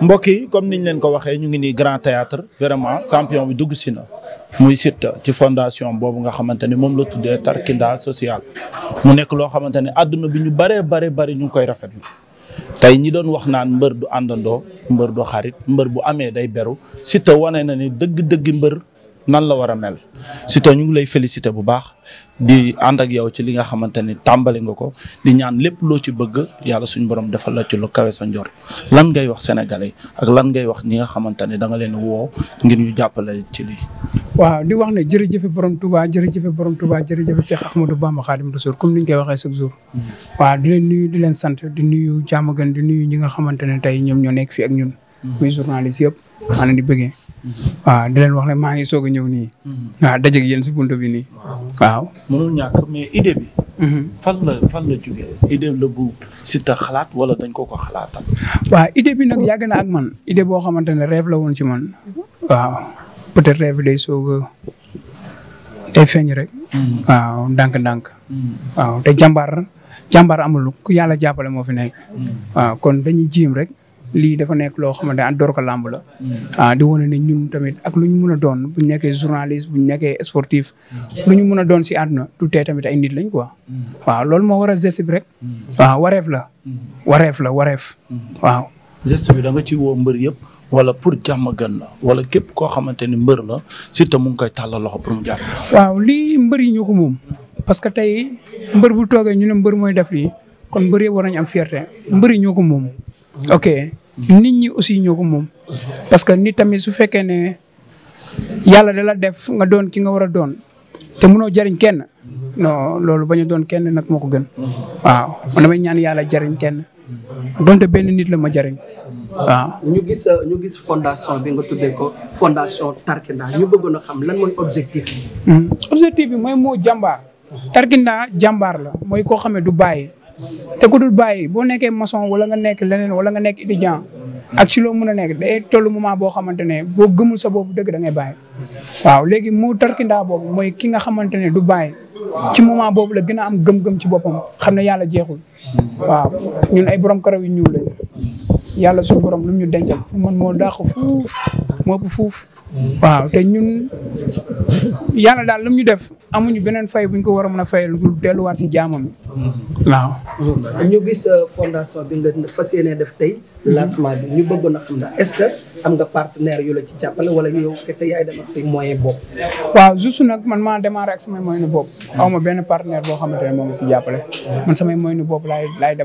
mbokk yi comme niñ leen ko waxee ñu ngi nii grand théâtre vraiment champion bi dugg si na muy Siteu ci fondation boobu nga xamante ni moom la tuddee tarkinda sociale mu nekk loo xamante ne àdduna bi ñu bëree bare bëri ñu ngi koy rafet rafetlu tey ñi doon wax naan mbër du àndandoo mbër du xarit mbër bu amee day beru Siteu wane na ni dëgg-dëgg mbër nan la war a mel Siteu ñu ngi lay féliciter bu baax di ànd ak yow ci li nga xamante ni tàmbali nga ko di ñaan lépp loo ci bëgg yàlla suñu borom defal la ci lu kawee sa njort lan ngay wax sénégalais ak lan ngay wax ñi nga xamante ne da nga leen woo ngir ñu jàppale ci lii. waaw di wax ne jërëjëf borom Touba jërëjëf borom Touba jërëjëf Cheikh Ahmadou Bamba Khadim Rassoul comme ni ñu koy waxee chaque jour. Mm-hmm. waaw di leen nuyu di leen sant di nuyu jàmm gën di nuyu ñi nga xamante ne tey ñoom ñoo nekk fii ak ñun. muy journaliste yëpp maa leen di bëggee waaw di leen wax ne maa ngi soog a ñëw nii waaw dajeeg yéen si buntu bi nii waaw mënul ñàkk mais idée bi mhm. fan la fan la jógee idée la xalaat wala dañ ko ko xalaatal waaw idée bi nag yàgg na ak man idée boo xamante ne rêve la woon ci man waaw peut-être rêve day soog day feeñ rek mhm. waaw ndànk-ndànk mhm. waaw te jàmbaar jàmbaar amul ku yàlla jàppale moo fi nekk waaw kon dañuy jiim rek lii dafa nekk loo xamante ne door ko làmb la. Mm. ah di wone ne ñun tamit ak lu ñu mën a doon bu ñu nekkee bu ñu nekkee sportif. Mm. lu ñu mën a doon si àdduna du tee tamit ay nit lañ quoi. Mm. waaw loolu moo war a geste rek. waaw wareef la. wareef la wareef. waaw. geste bi da ci woo mbër yëpp wala pour jàmm gan la wala képp koo xamante ni mbër la surtout mu ngi koy tàllal loxo pour mu jàpp. waaw lii mbër yi ñu ko moom. parce que tey mbër bu toogee ñu ne mbër mooy def lii. kon mbër yëpp war nañu am fierté mbëri ñoo ko moom. ok nit ñi aussi ñoo ko moom. parce que nit tamit su fekkee ne yàlla da la def nga doon ki nga war a doon te mënoo jariñ kenn non loolu bañ doon kenn nag moo ko gën. waaw yàlla jariñ kenn donte benn nit la ma jariñ ñu gis ñu gis fondation bi nga tuddee ko fondation Tarkinda ñu bëggoon a xam lan mooy objectif bi. Hmm. bi mooy moo jàmbaar. Tarkinda jàmbaar la mooy koo xam ne du bàyyi. te ku dul bàyyi boo nekkee maçon wala nga nekk leneen wala nga nekk étudiant ak ci loo mën a nekk day tollu moment boo xamante ne boo gëmul sa boobu dëgg da ngay bàyyi. waaw léegi mu tarkindaa boobu mooy ki nga xamante ne du baay ci moment boobu la gën a am gëm-gëm ci boppam xam ne yàlla jeexul. waaw ñun ay borom karaw yu ñuul lañ yàlla suñu borom lu ñu dencal moo dàq fuuf moo ëpp fuuf. waaw te ñun yàlla daal lu ñu def amuñu beneen fay bu ñu ko war a mën a fay lu dul delluwaat si jaamam waaw. ñu gis euh, fondation bi nga fas yéene def tey lancement bi ñu bëggoon a xam na est-ce que am nga partenaire yu la ci jàppale wala yow kese yaay dem ak say moyen bopp. waaw juste nag man maa démarré ak samay moyen bopp aw ma benn partenaire boo xamante ne moom la si jàppale man samay moyen bopp laay laay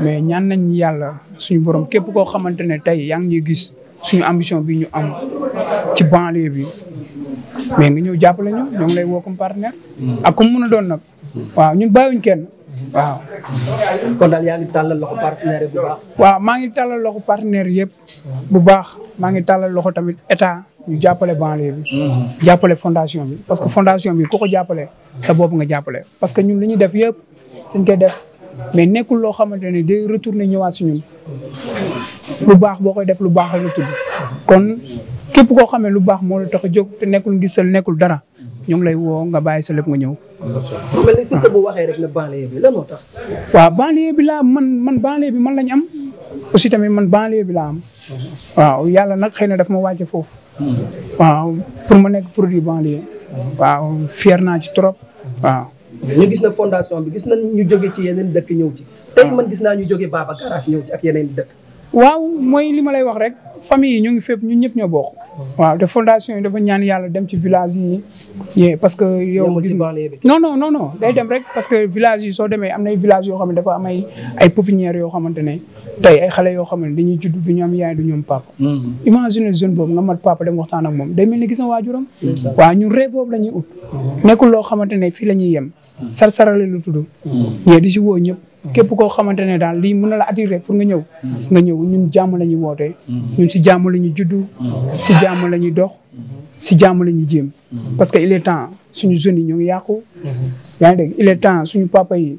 mais ñaan nañ yàlla suñu borom képp koo xamante ne tey yaa ngi ñuy gis. suñu ambition bi ñu am ci banlieue bi mais nga ñëw jàppale ñu ñoo ngi lay woo comme partenaire. comme mën a doon nag. Mm. waaw ñun bàyyiwuñ kenn. waaw. Mm. kon daal yaa ngi tàllal loxo partenaire waaw maa ngi tàllal loxo partenaire yëpp. bu baax maa ngi tàllal loxo tamit état ñu jàppale banlieue bi. Mm. jàppale fondation bi parce que fondation bi ku ko jàppale sa bopp nga jàppale parce que ñun li ñu def yëpp dañ koy def mais nekkul loo xamante ne day retourner ñëwaat si ñun. lu baax boo koy def lu baax la tudd kon képp koo xamee lu baax moo la tax a jóg te nekkul gisal nekkul dara ñu lay woo nga bàyyi sa lépp nga ñëw. mel ni Siteu bu waxee rek la banlieue bi lan moo tax. waaw banlieue bi laa man man banlieue bi man lañ am. aussi tamit man banlieue bi laa am. waaw yàlla nag xëy na daf ma wàcce foofu. waaw pour ma nekk produit banlieue. waaw fier naa ci trop waaw. ñu gis na fondation bi gis nañ ñu jóge ci yeneen dëkk ñëw ci. tey man gis naa ñu jóge Baba Garage ñëw ci ak yeneen dëkk. waaw mooy li ma lay wax rek famille yi ñu ngi fépp ñun ñëpp ñoo bokk. waaw te fondation yi dafa ñaan yàlla dem ci village yi. parce que yow gis nga non non non non day dem rek parce que village yi soo demee am nay village yoo xam ne dafa am ay ay yoo xamante ne tey ay xale yoo xam ne dañuy judd du ñu am yaay du ñoom am papa. Mm-hmm. imagine jeune boobu nga mat papa dem waxtaan ak moom day mel ni gis nga waajuram. waaw ñu rêve boobu la ñuy ut. Mm-hmm. nekkul loo xamante ne fii la ñuy yem. sar sarale lu tudd. ñee mm-hmm. di si ñëpp. képp koo xamante ne daal li mun na la attiré pour nga ñëw nga ñëw ñun jàmm la ñuy wootee ñun si jàmm la ñu juddu si jàmm la ñuy dox si jàmm la ñuy jéem parce que il est temps suñu jeunes yi ñu ngi yàqu yaa ngi dégg il est temps suñu papa yi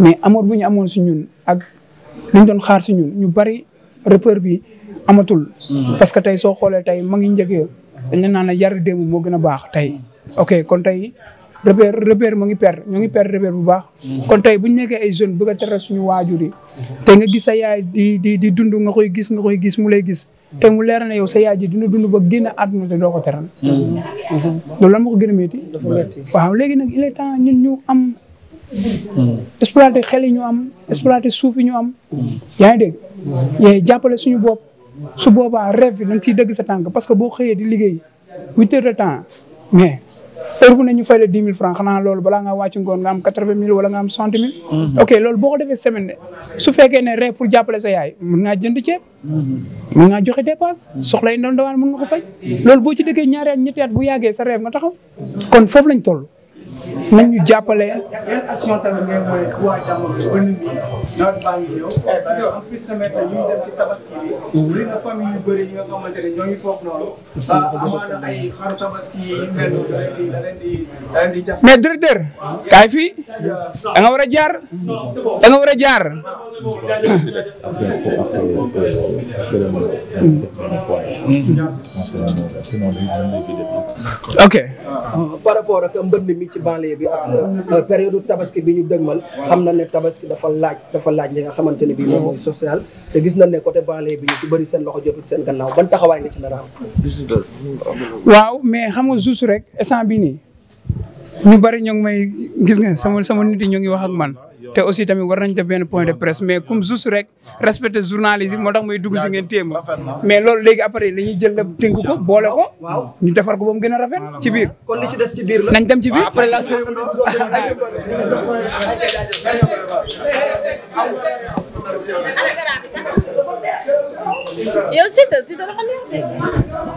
mais amoon bu ñu amoon si ñun ak liñ doon xaar si ñun ñu bari repère bi amatul parce que tey soo xoolee tey mag ngi njëkkee dañ la naan yar démb moo gën a baax tey ok kon tey repère repère mu ngi perte ñoo ngi perte repère bu baax. Mm-hmm. kon tey bu ñu nekkee ay jeunes bëgg a teral suñu waajur yi. Mm-hmm. te nga gis sa yaay di di di dund nga koy gis nga koy gis mu lay gis. te mu leer na yow sa yaay ji dina dund ba génn àdduna te doo ko teral. Mm-hmm. loolu lan moo ko gën a métti. waaw léegi nag il est temps ñun ñu am. exploiter xel yi ñu am exploiter suuf yi ñu am. yaa ngi dégg. yaa jàppale suñu bopp. su boobaa rêve bi da nga ciy dëgg sa tànk parce que boo xëyee di liggéey huit heures de temps mais. heure bu ne ñu fay la dix mille franc xanaa loolu balaa nga wàcc ngoon nga am quatre vingt mille wala nga am soixante mille. Mhm. ok loolu boo ko defee semaine de su fekkee ne rek pour jàppale sa yaay mën ngaa jënd ceeb. mën mhm. ngaa joxe dépense. soxla yi ndaw ndawaan mën nga ko fay. Mhm. loolu boo ci dëggee ñaari at ñetti bu yàggee sa nga taxaw kon foofu lañ toll. nañ ñu jàppale. yan action a eh, nga xamante ne ñoo ah, mais directeur. kaay fii nga war a jaar. da nga war a jaar. Mm-hmm. ok. Uh, par rapport ak mbënd mi ci banlieue bi ak uh, période tabaski bi ñu dëgmal xam na ne tabaski dafa laaj dafa laaj li nga xamante ne bii moom mooy social te gis nañ ne côté banlieue bi ñu ci bari seen loxo jot seen gannaaw ban taxawaay nga ci nar a ñu ñoo ngi may man. te aussi tamit war nañ def benn point de presse mais comme juste rek respecter journaliste yi moo tax muy dugg si ngeen téema mais loolu léegi après dañuy jël la tënk ko boole ko ñu defar ko ba mu gën a rafet ci biir biir la nañ dem ci biir après la yow Siteu Siteu dafa